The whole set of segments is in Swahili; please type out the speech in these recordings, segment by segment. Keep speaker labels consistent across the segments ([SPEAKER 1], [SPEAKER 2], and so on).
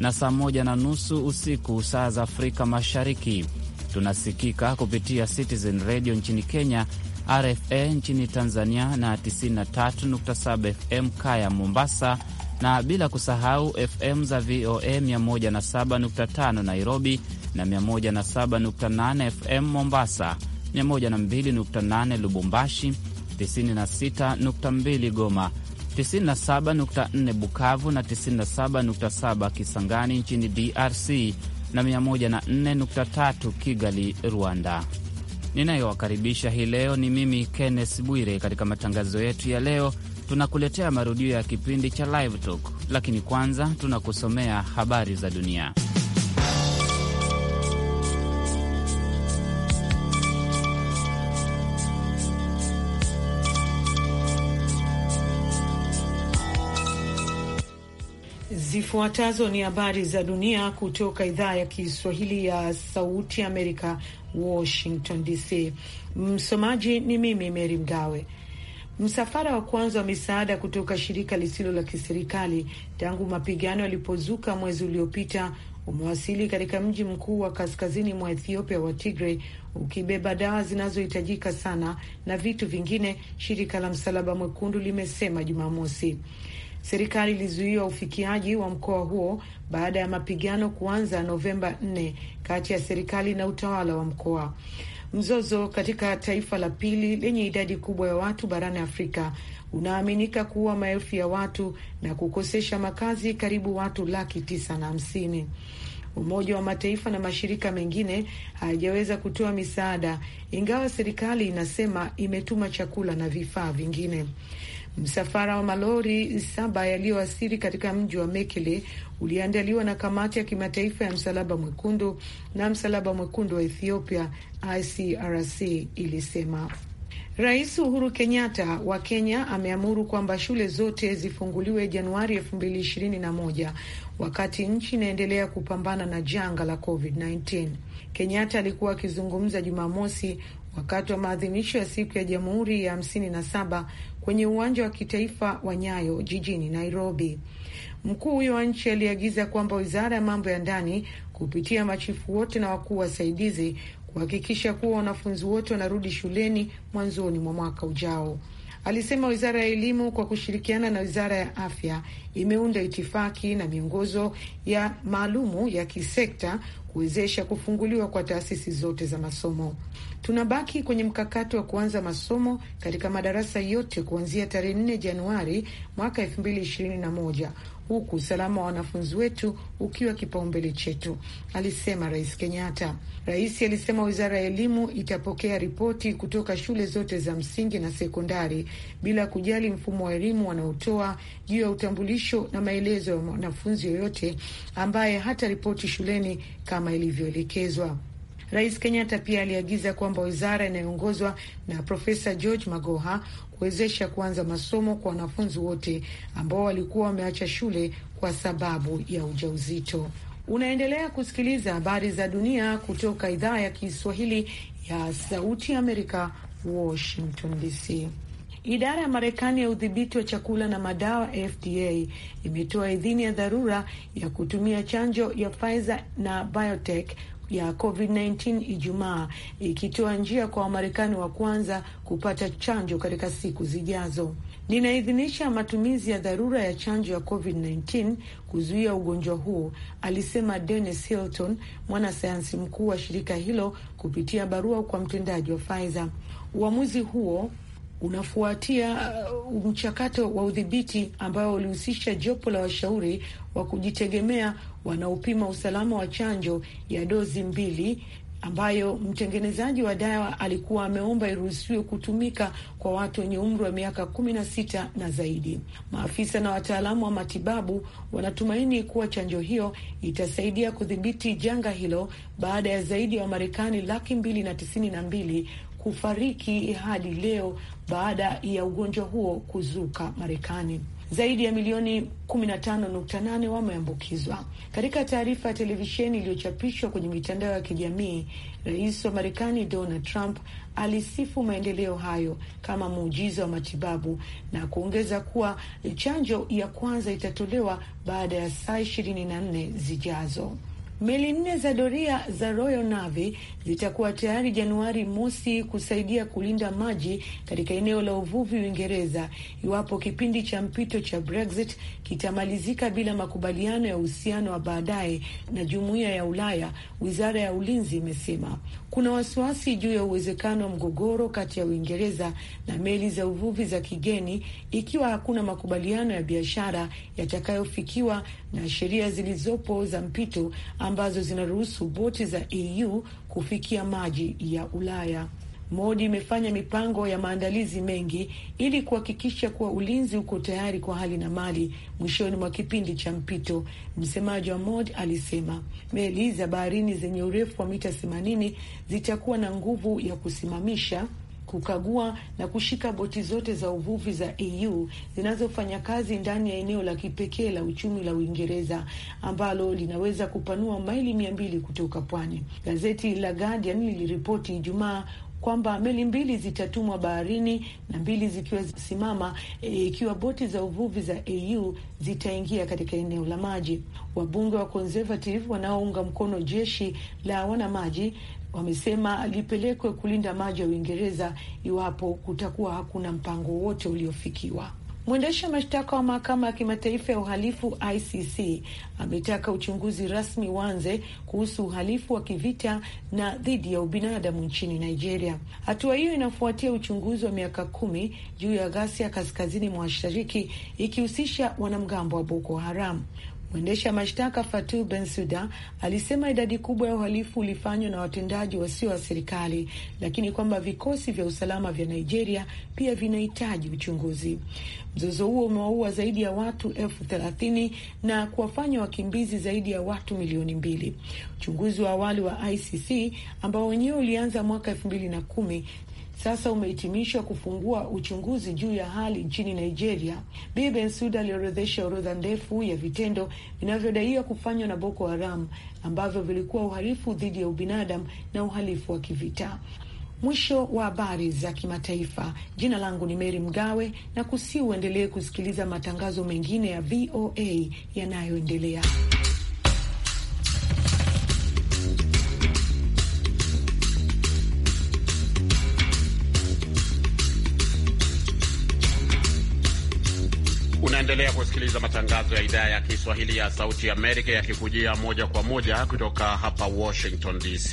[SPEAKER 1] na saa moja na nusu usiku saa za Afrika Mashariki. Tunasikika kupitia Citizen Radio nchini Kenya, RFA nchini Tanzania na 93.7 FM Kaya Mombasa, na bila kusahau FM za VOA 107.5 Nairobi na 107.8 FM Mombasa, 102.8 Lubumbashi, 96.2 Goma 97.4 Bukavu na 97.7 Kisangani nchini DRC na 104.3 Kigali, Rwanda. Ninayowakaribisha hii leo ni mimi Kenneth Bwire. Katika matangazo yetu ya leo, tunakuletea marudio ya kipindi cha Live Talk, lakini kwanza tunakusomea habari za dunia.
[SPEAKER 2] Zifuatazo ni habari za dunia kutoka idhaa ya Kiswahili ya Sauti Amerika, Washington DC. Msomaji ni mimi mery Mgawe. Msafara wa kwanza wa misaada kutoka shirika lisilo la kiserikali tangu mapigano yalipozuka mwezi uliopita umewasili katika mji mkuu wa kaskazini mwa Ethiopia wa Tigray ukibeba dawa zinazohitajika sana na vitu vingine, shirika la Msalaba Mwekundu limesema Jumamosi. Serikali ilizuia ufikiaji wa mkoa huo baada ya mapigano kuanza Novemba 4 kati ya serikali na utawala wa mkoa. Mzozo katika taifa la pili lenye idadi kubwa ya watu barani Afrika unaaminika kuua maelfu ya watu na kukosesha makazi karibu watu laki tisa na hamsini. Umoja wa Mataifa na mashirika mengine hayajaweza kutoa misaada, ingawa serikali inasema imetuma chakula na vifaa vingine. Msafara wa malori saba yaliyowasili katika mji wa Mekele uliandaliwa na kamati ya kimataifa ya msalaba mwekundu na msalaba mwekundu wa Ethiopia ICRC ilisema. Rais Uhuru Kenyatta wa Kenya ameamuru kwamba shule zote zifunguliwe Januari 221 wakati nchi inaendelea kupambana na janga la COVID-19. Kenyatta alikuwa akizungumza Jumamosi wakati wa maadhimisho ya siku ya Jamhuri ya 57 na kwenye uwanja wa kitaifa wa Nyayo jijini Nairobi. Mkuu huyo wa nchi aliagiza kwamba wizara ya mambo ya ndani kupitia machifu wote na wakuu wasaidizi kuhakikisha kuwa wanafunzi wote wanarudi shuleni mwanzoni mwa mwaka ujao. Alisema wizara ya elimu kwa kushirikiana na wizara ya afya imeunda itifaki na miongozo ya maalumu ya kisekta kuwezesha kufunguliwa kwa taasisi zote za masomo. Tunabaki kwenye mkakati wa kuanza masomo katika madarasa yote kuanzia tarehe 4 Januari mwaka 2021 huku usalama wa wanafunzi wetu ukiwa kipaumbele chetu, alisema Rais Kenyatta. Rais alisema wizara ya elimu itapokea ripoti kutoka shule zote za msingi na sekondari bila kujali mfumo wa elimu wanaotoa juu ya utambulisho na maelezo ya mwanafunzi yoyote ambaye hataripoti shuleni kama ilivyoelekezwa. Rais Kenyatta pia aliagiza kwamba wizara inayoongozwa na Profesa George Magoha kuwezesha kuanza masomo kwa wanafunzi wote ambao walikuwa wameacha shule kwa sababu ya ujauzito. Unaendelea kusikiliza habari za dunia kutoka idhaa ya Kiswahili ya Sauti ya Amerika, Washington DC. Idara ya Marekani ya udhibiti wa chakula na madawa FDA imetoa idhini ya dharura ya kutumia chanjo ya Pfizer na BioNTech ya COVID-19 Ijumaa, ikitoa njia kwa Wamarekani wa kwanza kupata chanjo katika siku zijazo. Ninaidhinisha matumizi ya dharura ya chanjo ya COVID-19 kuzuia ugonjwa huo, alisema Dennis Hilton, mwanasayansi mkuu wa shirika hilo kupitia barua kwa mtendaji wa Pfizer. Uamuzi huo unafuatia uh, mchakato wa udhibiti ambao ulihusisha jopo la washauri wa kujitegemea wanaopima usalama wa chanjo ya dozi mbili ambayo mtengenezaji wa dawa alikuwa ameomba iruhusiwe kutumika kwa watu wenye umri wa miaka kumi na sita na zaidi. Maafisa na wataalamu wa matibabu wanatumaini kuwa chanjo hiyo itasaidia kudhibiti janga hilo baada ya zaidi ya Wamarekani laki mbili na tisini na mbili kufariki hadi leo baada ya ugonjwa huo kuzuka Marekani. Zaidi ya milioni 15.8 wameambukizwa. Katika taarifa ya televisheni iliyochapishwa kwenye mitandao ya kijamii, rais wa Marekani Donald Trump alisifu maendeleo hayo kama muujiza wa matibabu na kuongeza kuwa chanjo ya kwanza itatolewa baada ya saa 24 zijazo. Meli nne za doria za Royal Navy zitakuwa tayari Januari mosi kusaidia kulinda maji katika eneo la uvuvi Uingereza iwapo kipindi cha mpito cha Brexit kitamalizika bila makubaliano ya uhusiano wa baadaye na jumuiya ya Ulaya. Wizara ya ulinzi imesema kuna wasiwasi juu ya uwezekano wa mgogoro kati ya Uingereza na meli za uvuvi za kigeni ikiwa hakuna makubaliano ya biashara yatakayofikiwa na sheria zilizopo za mpito ambazo zinaruhusu boti za EU kufikia maji ya Ulaya. Modi imefanya mipango ya maandalizi mengi ili kuhakikisha kuwa ulinzi uko tayari kwa hali na mali mwishoni mwa kipindi cha mpito. Msemaji wa Modi alisema meli za baharini zenye urefu wa mita 80 zitakuwa na nguvu ya kusimamisha kukagua na kushika boti zote za uvuvi za EU zinazofanya kazi ndani ya eneo la kipekee la uchumi la Uingereza ambalo linaweza kupanua maili mia mbili kutoka pwani. Gazeti la Guardian liliripoti Ijumaa kwamba meli mbili zitatumwa baharini na mbili zikiwa zimesimama e, ikiwa e, boti za uvuvi za EU zitaingia katika eneo la maji. Wabunge wa Conservative wanaounga mkono jeshi la wanamaji wamesema lipelekwe kulinda maji ya Uingereza iwapo kutakuwa hakuna mpango wote uliofikiwa. Mwendesha mashtaka wa mahakama ya kimataifa ya uhalifu ICC ametaka uchunguzi rasmi uanze kuhusu uhalifu wa kivita na dhidi ya ubinadamu nchini Nigeria. Hatua hiyo inafuatia uchunguzi wa miaka kumi juu ya ghasia kaskazini mwa mashariki ikihusisha wanamgambo wa Boko Haram. Mwendesha mashtaka Ben Bensouda alisema idadi kubwa ya uhalifu ulifanywa na watendaji wasio wa serikali, lakini kwamba vikosi vya usalama vya Nigeria pia vinahitaji uchunguzi. Mzozo huo umewaua zaidi ya watu elfu thelathini na kuwafanya wakimbizi zaidi ya watu milioni mbili. Uchunguzi wa awali wa ICC ambao wenyewe ulianza mwaka elfu mbili na kumi sasa umehitimishwa kufungua uchunguzi juu ya hali nchini Nigeria. Bi Bensouda aliorodhesha orodha ndefu ya vitendo vinavyodaiwa kufanywa na Boko Haram ambavyo vilikuwa uhalifu dhidi ya ubinadamu na uhalifu wa kivita. Mwisho wa habari za kimataifa. Jina langu ni Meri Mgawe na kusi uendelee kusikiliza matangazo mengine ya VOA yanayoendelea.
[SPEAKER 3] Unaendelea kusikiliza matangazo ya idhaa ya Kiswahili ya Sauti Amerika yakikujia moja kwa moja kutoka hapa Washington DC.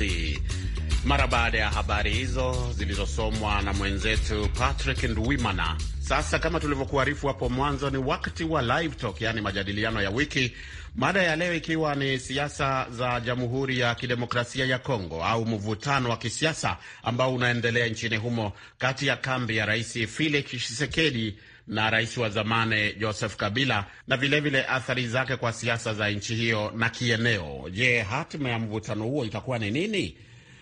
[SPEAKER 3] Mara baada ya habari hizo zilizosomwa na mwenzetu Patrick Ndwimana, sasa kama tulivyokuarifu hapo mwanzo, ni wakati wa Live Talk, yaani majadiliano ya wiki, mada ya leo ikiwa ni siasa za Jamhuri ya Kidemokrasia ya Kongo au mvutano wa kisiasa ambao unaendelea nchini humo kati ya kambi ya Rais Felix Tshisekedi na rais wa zamani Joseph Kabila na vilevile vile athari zake kwa siasa za nchi hiyo na kieneo. Je, hatima ya mvutano huo itakuwa ni nini?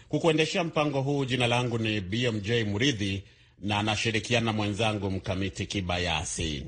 [SPEAKER 3] Kukuendeshea mpango huu, jina langu ni BMJ Muridhi na anashirikiana na mwenzangu Mkamiti Kibayasi.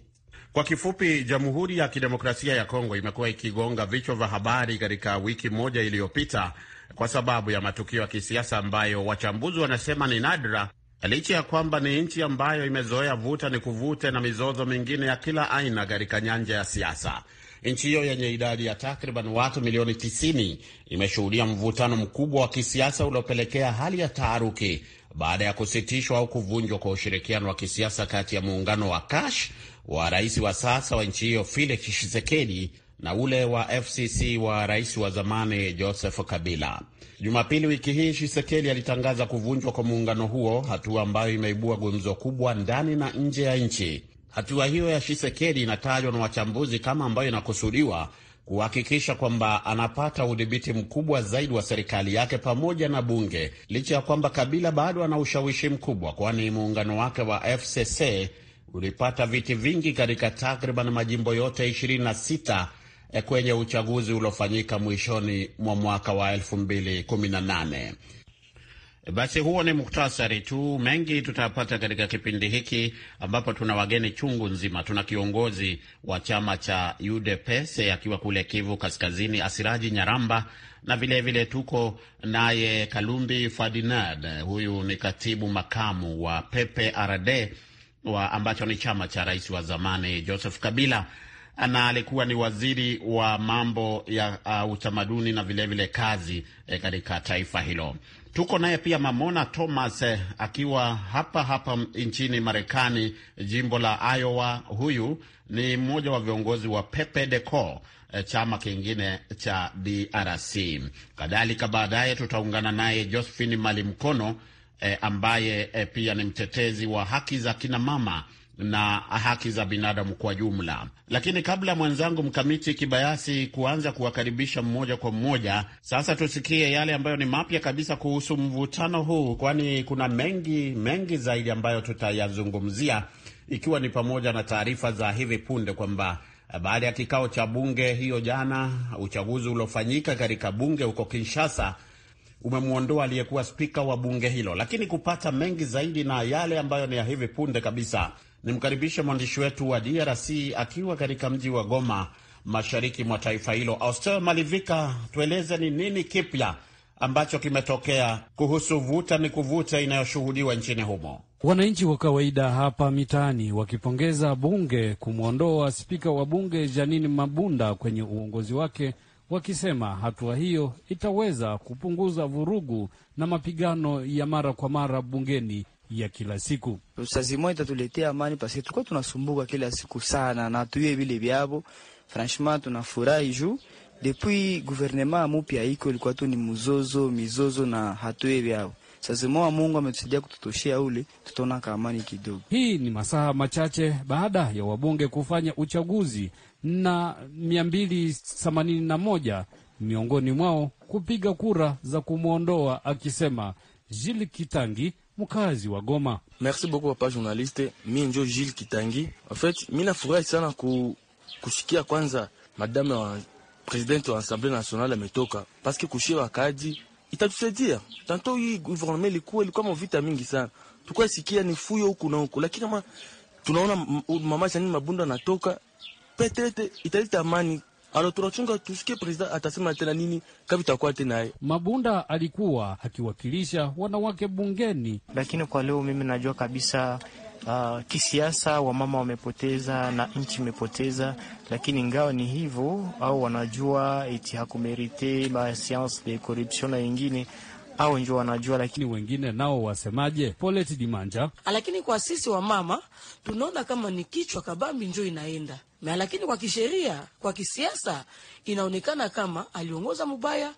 [SPEAKER 3] Kwa kifupi, Jamhuri ya Kidemokrasia ya Kongo imekuwa ikigonga vichwa vya habari katika wiki moja iliyopita kwa sababu ya matukio ya kisiasa ambayo wachambuzi wanasema ni nadra licha ya kwamba ni nchi ambayo imezoea vuta ni kuvute na mizozo mingine ya kila aina katika nyanja ya siasa. Nchi hiyo yenye idadi ya takriban watu milioni 90 imeshuhudia mvutano mkubwa wa kisiasa uliopelekea hali ya taharuki baada ya kusitishwa au kuvunjwa kwa ushirikiano wa kisiasa kati ya muungano wa Kash wa rais wa sasa wa nchi hiyo Felix Tshisekedi na ule wa FCC wa rais wa zamani Joseph Kabila. Jumapili wiki hii, Tshisekedi alitangaza kuvunjwa kwa muungano huo, hatua ambayo imeibua gumzo kubwa ndani na nje ya nchi. Hatua hiyo ya Tshisekedi inatajwa na wachambuzi kama ambayo inakusudiwa kuhakikisha kwamba anapata udhibiti mkubwa zaidi wa serikali yake pamoja na bunge, licha ya kwamba Kabila bado ana ushawishi mkubwa, kwani muungano wake wa FCC ulipata viti vingi katika takriban majimbo yote 26 Eh, kwenye uchaguzi uliofanyika mwishoni mwa mwaka wa 2018. Basi huo ni muktasari tu. Mengi tutapata katika kipindi hiki ambapo tuna wageni chungu nzima. Tuna kiongozi wa chama cha UDPS akiwa kule Kivu Kaskazini, Asiraji Nyaramba, na vilevile vile tuko naye Kalumbi fadinad Huyu ni katibu makamu wa PPRD wa ambacho ni chama cha rais wa zamani Joseph Kabila na alikuwa ni waziri wa mambo ya uh, utamaduni na vilevile vile kazi eh, katika taifa hilo. Tuko naye pia Mamona Thomas eh, akiwa hapa hapa nchini Marekani, jimbo la Iowa. Huyu ni mmoja wa viongozi wa Pepe Deco eh, chama kingine cha DRC. Kadhalika baadaye tutaungana naye Josephine Malimkono eh, ambaye eh, pia ni mtetezi wa haki za kinamama na haki za binadamu kwa jumla. Lakini kabla mwenzangu Mkamiti Kibayasi kuanza kuwakaribisha mmoja kwa mmoja, sasa tusikie yale ambayo ni mapya kabisa kuhusu mvutano huu, kwani kuna mengi mengi zaidi ambayo tutayazungumzia, ikiwa ni pamoja na taarifa za hivi punde kwamba eh, baada ya kikao cha bunge hiyo jana, uchaguzi uliofanyika katika bunge huko Kinshasa umemwondoa aliyekuwa spika wa bunge hilo. Lakini kupata mengi zaidi na yale ambayo ni ya hivi punde kabisa Nimkaribishe mwandishi wetu wa DRC akiwa katika mji wa Goma, mashariki mwa taifa hilo. Austel Malivika, tueleze ni nini kipya ambacho kimetokea kuhusu vuta ni kuvuta inayoshuhudiwa nchini humo.
[SPEAKER 4] Wananchi wa kawaida hapa mitaani wakipongeza bunge kumwondoa spika wa bunge Janini Mabunda kwenye uongozi wake, wakisema hatua hiyo itaweza kupunguza vurugu na mapigano ya mara kwa mara bungeni ya kila siku. Sazimo itatuletea amani paske tulikuwa tunasumbuka kila siku sana na tuye vile vyavo. Franchement tunafurahi juu
[SPEAKER 1] depuis gouvernement mupya iko ilikuwa tu ni mzozo mizozo na hatuye vyao. Sasa moa Mungu ametusaidia kututoshia ule, tutaona ka amani kidogo.
[SPEAKER 4] Hii ni masaa machache baada ya wabunge kufanya uchaguzi na mia mbili themanini na moja miongoni mwao kupiga kura za kumwondoa, akisema Jili Kitangi mkazi wa Goma. Merci beaucoup papa journaliste, mi njo Jules Kitangi. En fait, mi nafurahi sana ku, kusikia kwanza madame wa
[SPEAKER 5] presidente wa Assemblée nationale ametoka paske kushia wakaaji itatusaidia. Tanto hii gouvernement ilikuwa ilikuwa mavita mingi sana, tulikuwa sikia ni fuyo huku na huku, lakini ma, tunaona mama Janine Mabunda anatoka, petete italeta amani ano tunachunga
[SPEAKER 4] tusikie president atasema tena nini kabi takuwa tena. Mabunda alikuwa akiwakilisha wanawake bungeni, lakini kwa leo mimi najua kabisa Uh, kisiasa wamama wamepoteza na nchi imepoteza, lakini ingawa ni hivyo, au wanajua eti hakumerite ba science de corruption na wengine au ndio wanajua, lakini wengine nao wasemaje? Polet Dimanja:
[SPEAKER 6] ah, lakini kwa sisi wa mama tunaona kama ni kichwa kabambi njo inaenda na, lakini kwa kisheria, kwa kisiasa
[SPEAKER 2] inaonekana kama aliongoza mubaya.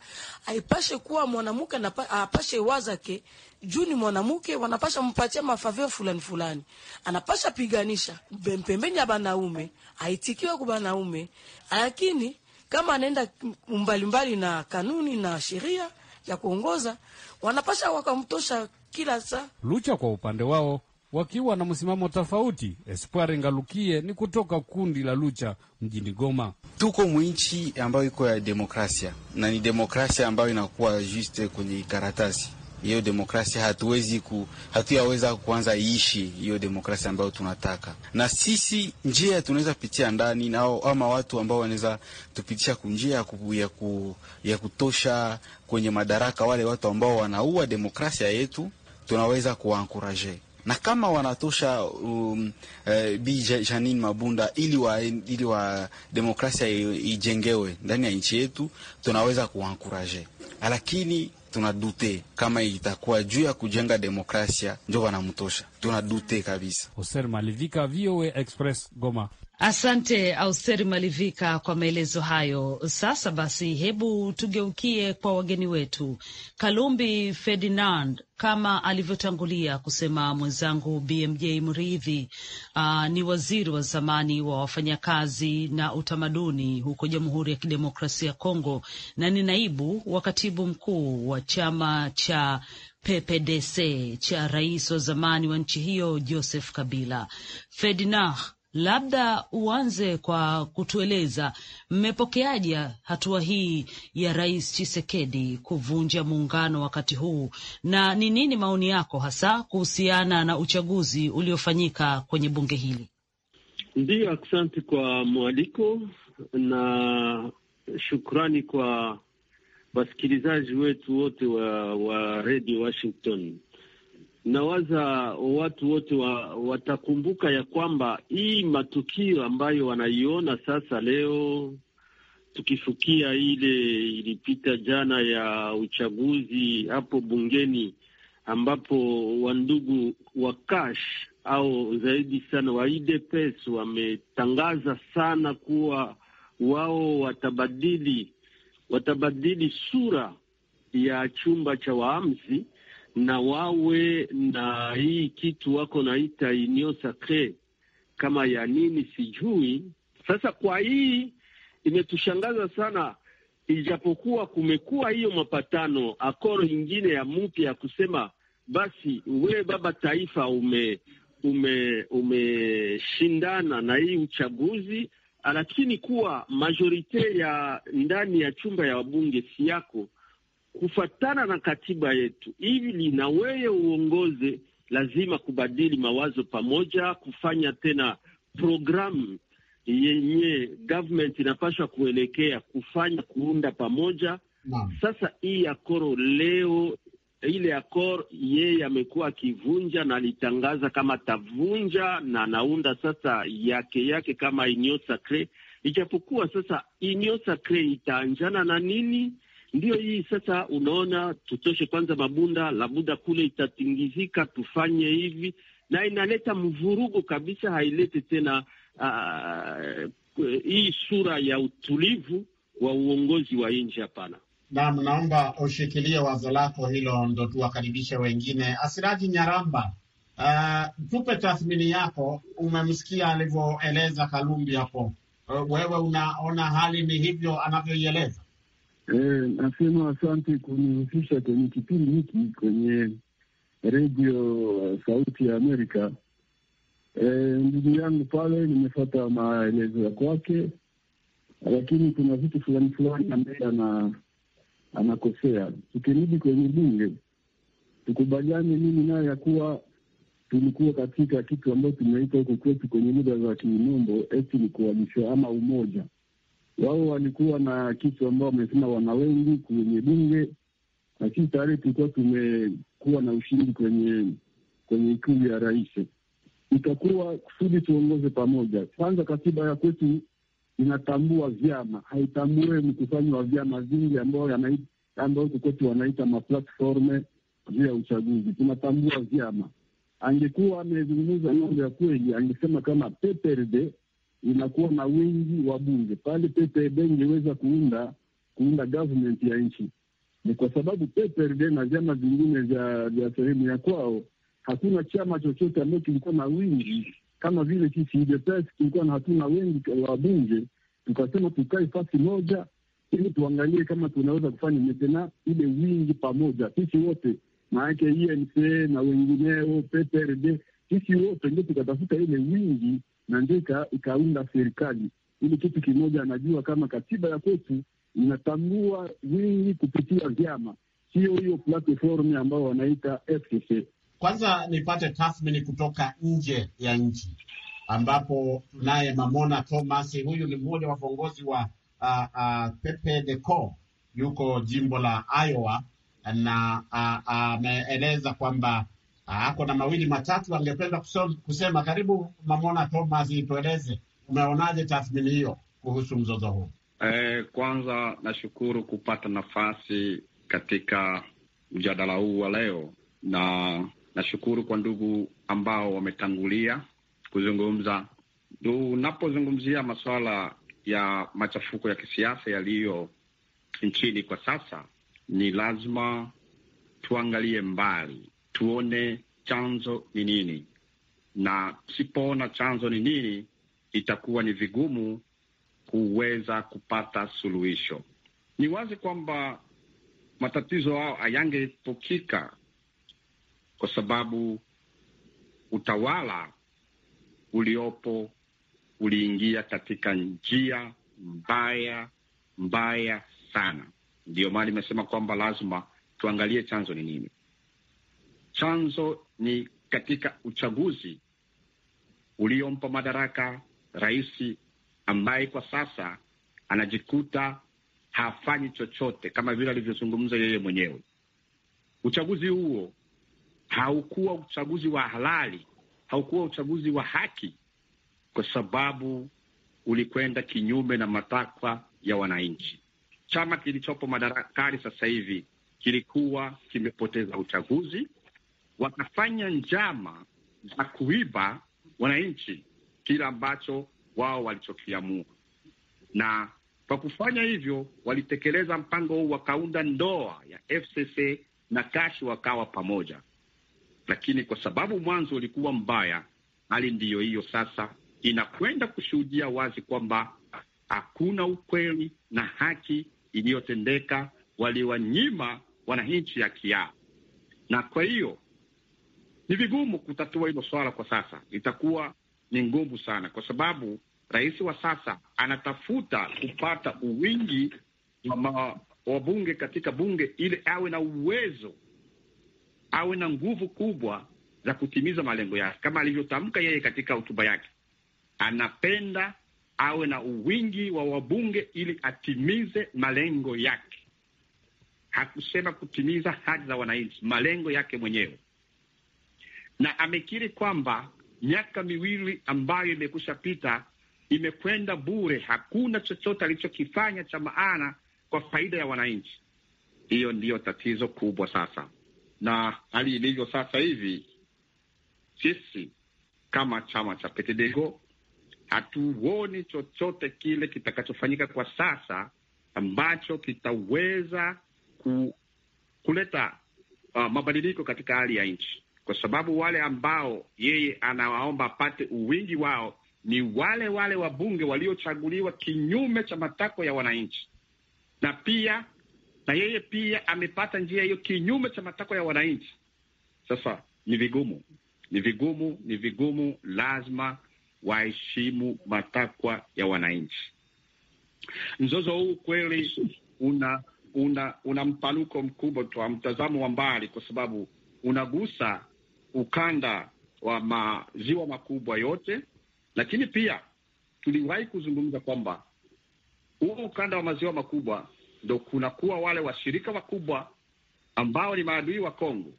[SPEAKER 2] Aipashe kuwa mwanamke na apashe wazake juu ni mwanamke, wanapasha mpatia mafaveo fulani fulani, anapasha piganisha pembeni ya banaume, aitikiwe kwa banaume, lakini kama anaenda mbalimbali na kanuni na sheria ya kuongoza, wanapasha wakamtosha kila saa.
[SPEAKER 4] Lucha kwa upande wao wakiwa na msimamo tofauti. Espoir Ngalukie ni kutoka kundi la Lucha mjini Goma. Tuko mwinchi ambayo
[SPEAKER 3] iko ya demokrasia na ni demokrasia ambayo inakuwa juste kwenye karatasi hiyo demokrasia hatuwezi ku, hatuyaweza kuanza iishi hiyo demokrasia ambayo tunataka, na sisi njia tunaweza pitia ndani nao, ama watu ambao wanaweza tupitisha kunjia ya, ku, ya kutosha kwenye madaraka, wale watu ambao wanaua demokrasia yetu tunaweza kuwankuraje na kama wanatosha um, uh, eh, Bi Janine Mabunda ili wa, ili wa demokrasia ijengewe ndani ya nchi yetu, tunaweza kuankuraje, lakini tunadute kama
[SPEAKER 4] itakuwa juu ya kujenga demokrasia njo wanamtosha, tunadute kabisa. Hoser Malivika, VOA Express, Goma.
[SPEAKER 6] Asante Austeri Malivika kwa maelezo hayo. Sasa basi, hebu tugeukie kwa wageni wetu. Kalumbi Ferdinand, kama alivyotangulia kusema mwenzangu BMJ Mridhi, uh, ah, ni waziri wa zamani wa wafanyakazi na utamaduni huko Jamhuri ya Kidemokrasia ya Kongo na ni naibu wa katibu mkuu wa chama cha PPDC cha rais wa zamani wa nchi hiyo Joseph Kabila. Ferdinand labda uanze kwa kutueleza mmepokeaje hatua hii ya Rais Chisekedi kuvunja muungano wakati huu, na ni nini maoni yako hasa kuhusiana na uchaguzi uliofanyika kwenye bunge hili?
[SPEAKER 5] Ndiyo, asante kwa mwaliko na shukrani kwa wasikilizaji wetu wote wa, wa redio Washington nawaza watu wote wa, watakumbuka ya kwamba hii matukio ambayo wanaiona sasa leo, tukifukia ile ilipita jana ya uchaguzi hapo bungeni, ambapo wandugu wa Kash au zaidi sana wa UDPS wametangaza sana kuwa wao watabadili watabadili sura ya chumba cha waamzi na wawe na hii kitu wako naita union sacre kama ya nini sijui. Sasa kwa hii imetushangaza sana, ijapokuwa kumekuwa hiyo mapatano akoro ingine ya mpya ya kusema basi, we baba taifa ume ume umeshindana na hii uchaguzi, lakini kuwa majorite ya ndani ya chumba ya wabunge si yako kufatana na katiba yetu, ili na wewe uongoze, lazima kubadili mawazo pamoja, kufanya tena programu yenye government inapaswa kuelekea kufanya kuunda pamoja na. Sasa hii akoro leo ile akoro yeye amekuwa akivunja na alitangaza kama tavunja na anaunda sasa yake yake kama union sacre, ijapokuwa sasa union sacre itaanjana na nini ndio hii sasa, unaona, tutoshe kwanza mabunda la muda kule itatingizika, tufanye hivi, na inaleta mvurugo kabisa, hailete tena uh, hii sura ya utulivu wa uongozi wa nchi, hapana.
[SPEAKER 3] Naam, naomba ushikilie wazo lako hilo, ndo tuwakaribishe wengine. Asiraji Nyaramba, uh, tupe tathmini yako. Umemsikia alivyoeleza Kalumbi hapo, uh, wewe unaona hali ni hivyo anavyoieleza?
[SPEAKER 7] E, nasema asante kunihusisha kwenye kipindi hiki kwenye redio eh, Sauti ya Amerika. E, ndugu yangu pale nimefata maelezo ya kwake, lakini kuna vitu fulani fulani ambaye ana anakosea. Tukirudi kwenye bunge, tukubaliane mimi naye ya kuwa tulikuwa katika kitu ambayo tumeita huko kwetu kwenye lugha za Kimombo eti ni kuanisha ama umoja wao walikuwa na kitu ambao wamesema wana wengi kwenye bunge, na sisi tayari tulikuwa tumekuwa na ushindi kwenye kwenye ikulu ya rais. Itakuwa kusudi tuongoze pamoja. Kwanza, katiba ya kwetu inatambua vyama, haitambue mkusanyo wa vyama vingi ambao ambao kukwetu wanaita maplatforme juu ya uchaguzi. Tunatambua vyama. Angekuwa amezungumza mambo ya kweli, angesema kama PPRD inakuwa na wingi wa bunge pale. PPRD ingeweza kuunda kuunda government ya nchi, ni kwa sababu PPRD na vyama vingine vya sehemu ya kwao, hakuna chama chochote ambacho kilikuwa na wingi kama vile sisi UDPS tulikuwa na hatuna wengi wa bunge, tukasema tukae fasi moja ili tuangalie kama tunaweza kufanya metena ile wingi pamoja sisi wote, maanake e na wengineo PPRD, sisi wote ndio tukatafuta ile wingi na ndio ikaunda serikali. Ili kitu kimoja anajua kama katiba ya kwetu inatambua wingi kupitia vyama, sio hiyo platform ambayo wanaita FCC.
[SPEAKER 3] Kwanza nipate tathmini kutoka nje ya nchi ambapo tunaye Mamona Thomas. Huyu ni mmoja wa viongozi wa uh, uh, Pepe de Co yuko jimbo la Iowa na ameeleza uh, uh, kwamba Ah, ako na mawili matatu angependa kusema. Karibu Mamona Thomas, itueleze umeonaje tathmini hiyo kuhusu mzozo huu?
[SPEAKER 8] Eh, kwanza nashukuru kupata nafasi katika mjadala huu wa leo, na nashukuru kwa ndugu ambao wametangulia kuzungumza. Unapozungumzia masuala ya machafuko ya kisiasa yaliyo nchini kwa sasa, ni lazima tuangalie mbali tuone chanzo ni nini, na tusipoona chanzo ni nini, itakuwa ni vigumu kuweza kupata suluhisho. Ni wazi kwamba matatizo hayo hayangeepukika kwa sababu utawala uliopo uliingia katika njia mbaya mbaya sana. Ndiyo maana nimesema kwamba lazima tuangalie chanzo ni nini. Chanzo ni katika uchaguzi uliompa madaraka rais ambaye kwa sasa anajikuta hafanyi chochote, kama vile alivyozungumza yeye mwenyewe. Uchaguzi huo haukuwa uchaguzi wa halali, haukuwa uchaguzi wa haki, kwa sababu ulikwenda kinyume na matakwa ya wananchi. Chama kilichopo madarakani sasa hivi kilikuwa kimepoteza uchaguzi wakafanya njama za kuiba wananchi kile ambacho wao walichokiamua, na kwa kufanya hivyo walitekeleza mpango huu, wakaunda ndoa ya FCC na Kashi wakawa pamoja, lakini kwa sababu mwanzo ulikuwa mbaya, hali ndiyo hiyo sasa inakwenda kushuhudia wazi kwamba hakuna ukweli na haki iliyotendeka. Waliwanyima wananchi haki yao, na kwa hiyo ni vigumu kutatua hilo swala kwa sasa, itakuwa ni ngumu sana, kwa sababu rais wa sasa anatafuta kupata uwingi wa wabunge katika bunge ili awe na uwezo, awe na nguvu kubwa za kutimiza malengo yake, kama alivyotamka yeye katika hotuba yake. Anapenda awe na uwingi wa wabunge ili atimize malengo yake. Hakusema kutimiza haja za wananchi, malengo yake mwenyewe na amekiri kwamba miaka miwili ambayo imekusha pita imekwenda bure, hakuna chochote alichokifanya cha maana kwa faida ya wananchi. Hiyo ndiyo tatizo kubwa sasa, na hali ilivyo sasa hivi, sisi kama chama cha Petedego hatuoni chochote kile kitakachofanyika kwa sasa ambacho kitaweza ku, kuleta uh, mabadiliko katika hali ya nchi kwa sababu wale ambao yeye anawaomba apate uwingi wao ni wale wale wabunge waliochaguliwa kinyume cha matakwa ya wananchi, na pia na yeye pia amepata njia hiyo kinyume cha matakwa ya wananchi. Sasa ni vigumu, ni vigumu, ni vigumu, lazima waheshimu matakwa ya wananchi. Mzozo huu kweli una una una mpanuko mkubwa wa mtazamo wa mbali, kwa sababu unagusa ukanda wa maziwa makubwa yote, lakini pia tuliwahi kuzungumza kwamba huu ukanda wa maziwa makubwa ndo kunakuwa wale washirika wakubwa ambao ni maadui wa Kongo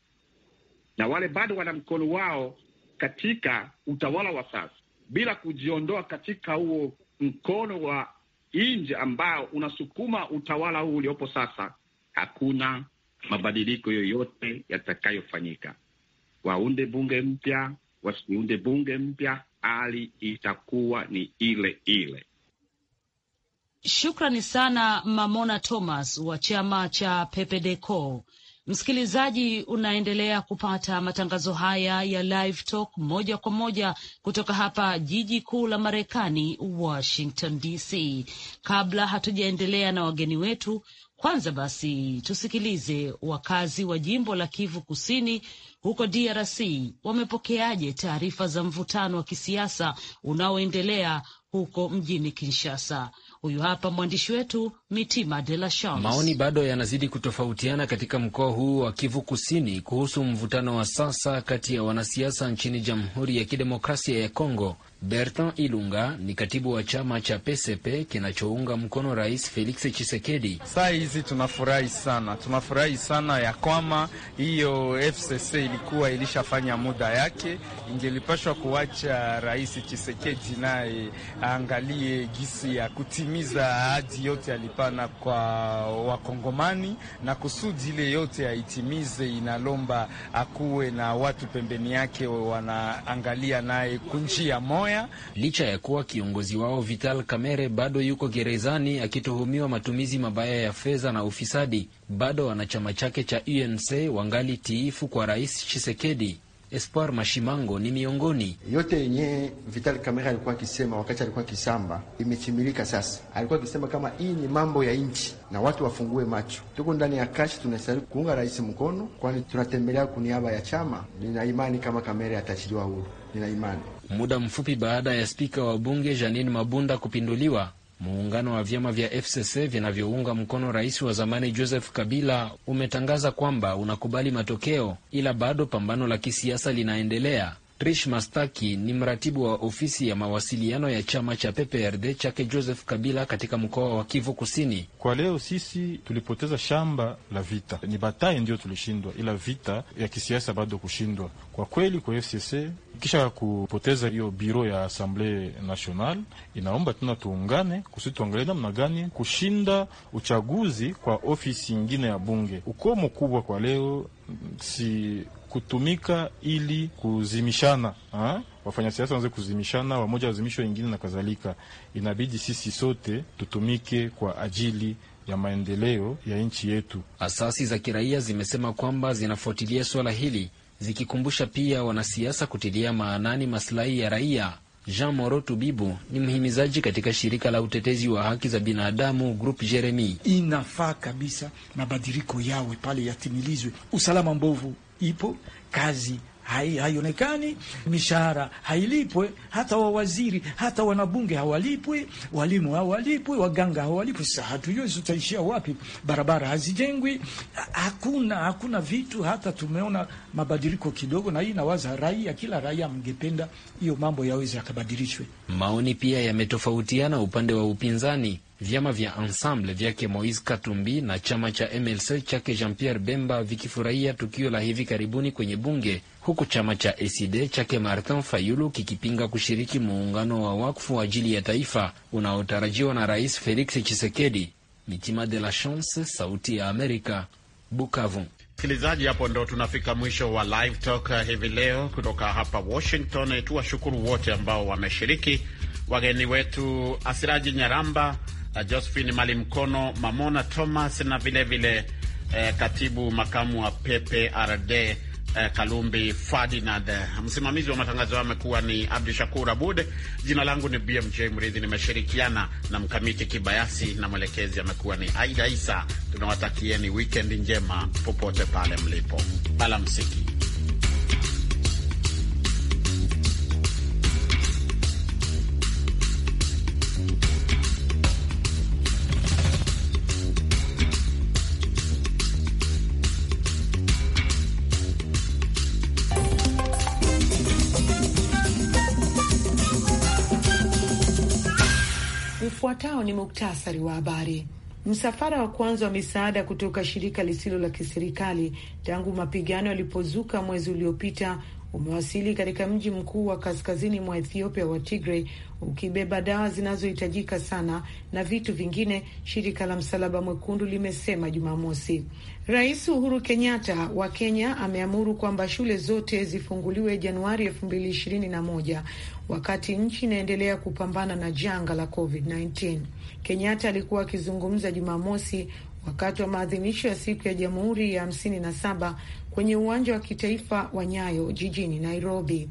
[SPEAKER 8] na wale bado wana mkono wao katika utawala wa sasa, bila kujiondoa katika huo mkono wa nje ambao unasukuma utawala huu uliopo sasa, hakuna mabadiliko yoyote yatakayofanyika waunde bunge mpya, wasiunde bunge mpya, hali itakuwa ni ile ile.
[SPEAKER 6] Shukrani sana Mamona Thomas wa chama cha Pepedeco. Msikilizaji, unaendelea kupata matangazo haya ya Live Talk moja kwa moja kutoka hapa jiji kuu la Marekani, Washington DC. Kabla hatujaendelea na wageni wetu, kwanza basi tusikilize wakazi wa jimbo la Kivu Kusini huko DRC wamepokeaje taarifa za mvutano wa kisiasa unaoendelea huko mjini Kinshasa. Huyu hapa mwandishi wetu Mitima de la Chance.
[SPEAKER 4] Maoni bado yanazidi kutofautiana katika mkoa huu wa Kivu Kusini kuhusu mvutano wa sasa kati ya wanasiasa nchini Jamhuri ya Kidemokrasia ya Kongo Bertrand Ilunga ni katibu wa chama cha PCP kinachounga mkono Rais Felix Tshisekedi. Saa hizi tunafurahi sana, tunafurahi sana ya kwamba hiyo FCC ilikuwa ilishafanya muda yake, ingelipashwa kuacha Rais Tshisekedi naye aangalie gisi ya kutimiza ahadi yote alipana kwa Wakongomani, na kusudi ile yote aitimize inalomba akuwe na watu pembeni yake wanaangalia naye kunjia moja Moya, licha ya kuwa kiongozi wao Vital Kamerhe bado yuko gerezani akituhumiwa matumizi mabaya ya fedha na ufisadi, bado wanachama chake cha UNC wangali tiifu kwa Rais chisekedi Espoir Mashimango ni miongoni. Yote yenye Vital Kamerhe
[SPEAKER 8] alikuwa akisema wakati alikuwa kisamba imetimilika sasa. Alikuwa akisema kama hii ni mambo ya nchi na watu wafungue macho. Tuko ndani ya kashi, tunastahili kuunga rais mkono, kwani tunatembelea kuniaba ya chama. Nina imani kama Kamerhe atachiliwa huru, nina imani
[SPEAKER 4] Muda mfupi baada ya spika wa bunge Janine Mabunda kupinduliwa, muungano wa vyama vya FCC vinavyounga mkono rais wa zamani Joseph Kabila umetangaza kwamba unakubali matokeo, ila bado pambano la kisiasa linaendelea. Trish Mastaki ni mratibu wa ofisi ya mawasiliano ya chama cha PPRD chake Joseph Kabila katika mkoa wa Kivu Kusini. Kwa leo sisi tulipoteza shamba la vita, ni bataye ndiyo tulishindwa, ila vita ya kisiasa bado kushindwa kwa kweli kwa FCC. Kisha kupoteza hiyo biro ya Assemble National, inaomba tena tuungane kusi tuangalie namna gani kushinda uchaguzi kwa ofisi ingine ya bunge. Ukomo kubwa kwa leo si kutumika ili kuzimishana ha? Wafanyasiasa wanze kuzimishana, wamoja wazimisho wengine na kadhalika. Inabidi sisi sote tutumike kwa ajili ya maendeleo ya nchi yetu. Asasi za kiraia zimesema kwamba zinafuatilia suala hili zikikumbusha pia wanasiasa kutilia maanani masilahi ya raia. Jean Moro Tubibu ni mhimizaji katika shirika la utetezi wa haki za binadamu Group Jeremy. Inafaa kabisa mabadiliko yawe pale yatimilizwe. Usalama mbovu ipo, kazi hai, haionekani, mishahara hailipwe, hata wawaziri hata wanabunge hawalipwi, walimu hawalipwi, waganga hawalipwi. Sasa hatujui tutaishia wapi, barabara hazijengwi, hakuna hakuna vitu. Hata tumeona mabadiliko kidogo, na hii nawaza raia, kila raia mngependa hiyo mambo yaweze yakabadilishwe. Maoni pia yametofautiana upande wa upinzani vyama vya Ensemble vyake Moise Katumbi na chama cha MLC chake Jean Pierre Bemba vikifurahia tukio la hivi karibuni kwenye bunge, huku chama cha ACD chake Martin Fayulu kikipinga kushiriki muungano wa wakfu wa ajili ya taifa unaotarajiwa na Rais Felix Tshisekedi. Mitima de la Chance, Sauti ya Amerika, Bukavu.
[SPEAKER 3] Msikilizaji, hapo ndo tunafika mwisho wa Live Talk eh, hivi leo kutoka hapa Washington. Eh, tuwashukuru wote ambao wameshiriki, wageni wetu Asiraji Nyaramba Uh, Josephine Malimkono, Mamona Thomas na vilevile vile, eh, katibu makamu wa PPRD eh, uh, Kalumbi Ferdinand. Msimamizi wa matangazo hayo amekuwa ni Abdu Shakur Abud. Jina langu ni BMJ Mridhi, nimeshirikiana na Mkamiti Kibayasi na mwelekezi amekuwa ni Aida Isa. Tunawatakieni wikendi njema popote pale mlipo, alamsiki.
[SPEAKER 2] Ufuatao ni muktasari wa habari. Msafara wa kwanza wa misaada kutoka shirika lisilo la kiserikali tangu mapigano yalipozuka mwezi uliopita umewasili katika mji mkuu wa kaskazini mwa Ethiopia wa Tigray ukibeba dawa zinazohitajika sana na vitu vingine, shirika la Msalaba Mwekundu limesema Jumamosi. Rais Uhuru Kenyatta wa Kenya ameamuru kwamba shule zote zifunguliwe Januari elfu mbili ishirini na moja wakati nchi inaendelea kupambana na janga la COVID-19. Kenyatta alikuwa akizungumza Jumamosi wakati wa maadhimisho ya siku ya Jamhuri ya hamsini na saba kwenye uwanja wa kitaifa wa Nyayo jijini Nairobi.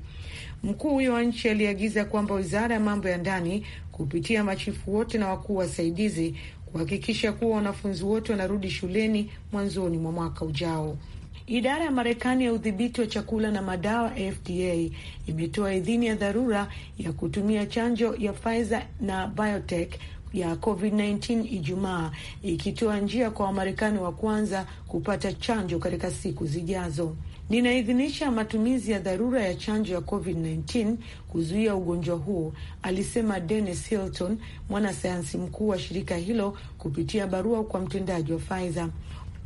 [SPEAKER 2] Mkuu huyo wa nchi aliagiza kwamba wizara ya mambo ya ndani kupitia machifu wote na wakuu wasaidizi kuhakikisha kuwa wanafunzi wote wanarudi shuleni mwanzoni mwa mwaka ujao. Idara ya Marekani ya udhibiti wa chakula na madawa FDA imetoa idhini ya dharura ya kutumia chanjo ya Pfizer na biotech ya COVID-19 Ijumaa, ikitoa njia kwa Wamarekani wa kwanza kupata chanjo katika siku zijazo. Ninaidhinisha matumizi ya dharura ya chanjo ya COVID-19 kuzuia ugonjwa huo, alisema Dennis Hilton, mwanasayansi mkuu wa shirika hilo kupitia barua kwa mtendaji wa Pfizer.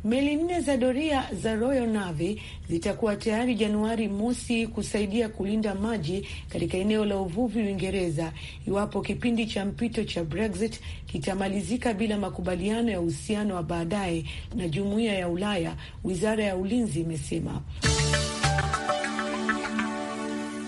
[SPEAKER 2] Meli nne za doria za Royal Navy zitakuwa tayari Januari mosi kusaidia kulinda maji katika eneo la uvuvi Uingereza iwapo kipindi cha mpito cha Brexit kitamalizika bila makubaliano ya uhusiano wa baadaye na jumuiya ya Ulaya, wizara ya ulinzi imesema.